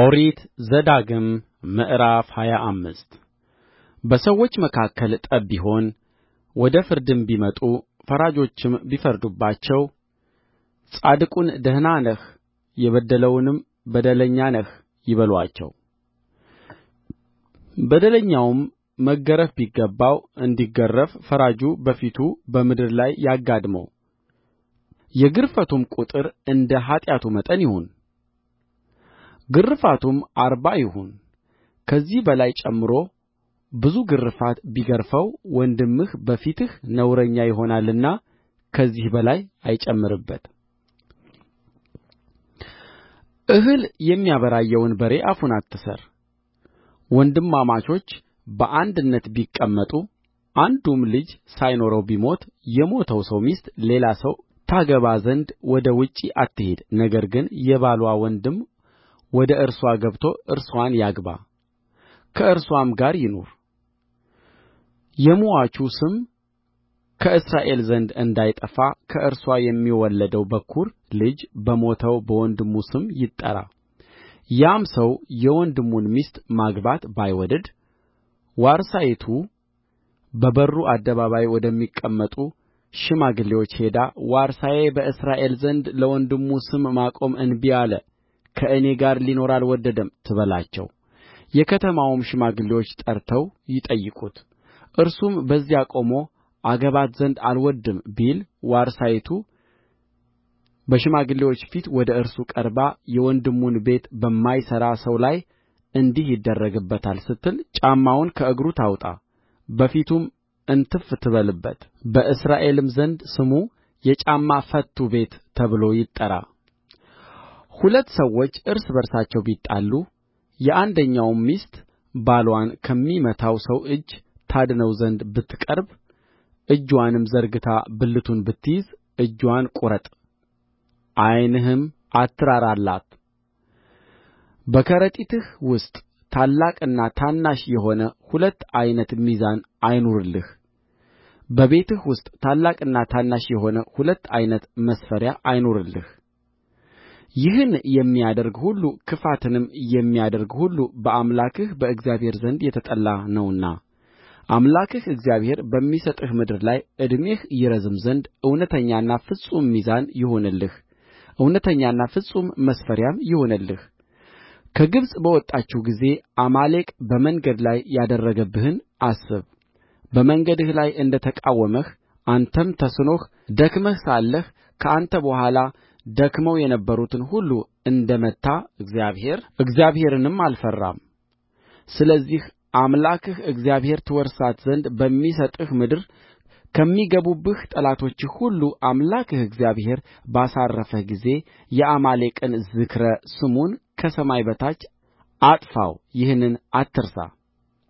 ኦሪት ዘዳግም ምዕራፍ ሃያ አምስት በሰዎች መካከል ጠብ ቢሆን ወደ ፍርድም ቢመጡ ፈራጆችም ቢፈርዱባቸው ጻድቁን ደኅና ነህ የበደለውንም በደለኛ ነህ ይበሉአቸው። በደለኛውም መገረፍ ቢገባው እንዲገረፍ ፈራጁ በፊቱ በምድር ላይ ያጋድመው፣ የግርፋቱም ቍጥር እንደ ኃጢአቱ መጠን ይሁን። ግርፋቱም አርባ ይሁን ከዚህ በላይ ጨምሮ ብዙ ግርፋት ቢገርፈው ወንድምህ በፊትህ ነውረኛ ይሆናልና ከዚህ በላይ አይጨምርበት እህል የሚያበራየውን በሬ አፉን አትሰር ወንድማማቾች በአንድነት ቢቀመጡ አንዱም ልጅ ሳይኖረው ቢሞት የሞተው ሰው ሚስት ሌላ ሰው ታገባ ዘንድ ወደ ውጭ አትሂድ ነገር ግን የባልዋ ወንድም ወደ እርስዋ ገብቶ እርስዋን ያግባ ከእርስዋም ጋር ይኑር የምዋቹ ስም ከእስራኤል ዘንድ እንዳይጠፋ ከእርስዋ የሚወለደው በኵር ልጅ በሞተው በወንድሙ ስም ይጠራ ያም ሰው የወንድሙን ሚስት ማግባት ባይወድድ ዋርሳይቱ በበሩ አደባባይ ወደሚቀመጡ ሽማግሌዎች ሄዳ ዋርሳዬ በእስራኤል ዘንድ ለወንድሙ ስም ማቆም እንቢ አለ ከእኔ ጋር ሊኖር አልወደደም ትበላቸው የከተማውም ሽማግሌዎች ጠርተው ይጠይቁት እርሱም በዚያ ቆሞ አገባት ዘንድ አልወድድም ቢል ዋርሳይቱ በሽማግሌዎች ፊት ወደ እርሱ ቀርባ የወንድሙን ቤት በማይሠራ ሰው ላይ እንዲህ ይደረግበታል ስትል ጫማውን ከእግሩ ታውጣ በፊቱም እንትፍ ትበልበት በእስራኤልም ዘንድ ስሙ የጫማ ፈቱ ቤት ተብሎ ይጠራ ሁለት ሰዎች እርስ በርሳቸው ቢጣሉ የአንደኛውም ሚስት ባልዋን ከሚመታው ሰው እጅ ታድነው ዘንድ ብትቀርብ እጅዋንም ዘርግታ ብልቱን ብትይዝ እጅዋን ቍረጥ ዓይንህም አትራራላት በከረጢትህ ውስጥ ታላቅና ታናሽ የሆነ ሁለት ዓይነት ሚዛን አይኑርልህ በቤትህ ውስጥ ታላቅና ታናሽ የሆነ ሁለት ዓይነት መስፈሪያ አይኑርልህ ይህን የሚያደርግ ሁሉ ክፋትንም የሚያደርግ ሁሉ በአምላክህ በእግዚአብሔር ዘንድ የተጠላ ነውና አምላክህ እግዚአብሔር በሚሰጥህ ምድር ላይ ዕድሜህ ይረዝም ዘንድ እውነተኛና ፍጹም ሚዛን ይሁንልህ፣ እውነተኛና ፍጹም መስፈሪያም ይሁንልህ። ከግብፅ በወጣችሁ ጊዜ አማሌቅ በመንገድ ላይ ያደረገብህን አስብ። በመንገድህ ላይ እንደ ተቃወመህ አንተም ተስኖህ ደክመህ ሳለህ ከአንተ በኋላ ደክመው የነበሩትን ሁሉ እንደ መታ እግዚአብሔር እግዚአብሔርንም አልፈራም ስለዚህ አምላክህ እግዚአብሔር ትወርሳት ዘንድ በሚሰጥህ ምድር ከሚገቡብህ ጠላቶችህ ሁሉ አምላክህ እግዚአብሔር ባሳረፈህ ጊዜ የአማሌቅን ዝክረ ስሙን ከሰማይ በታች አጥፋው ይህንን አትርሳ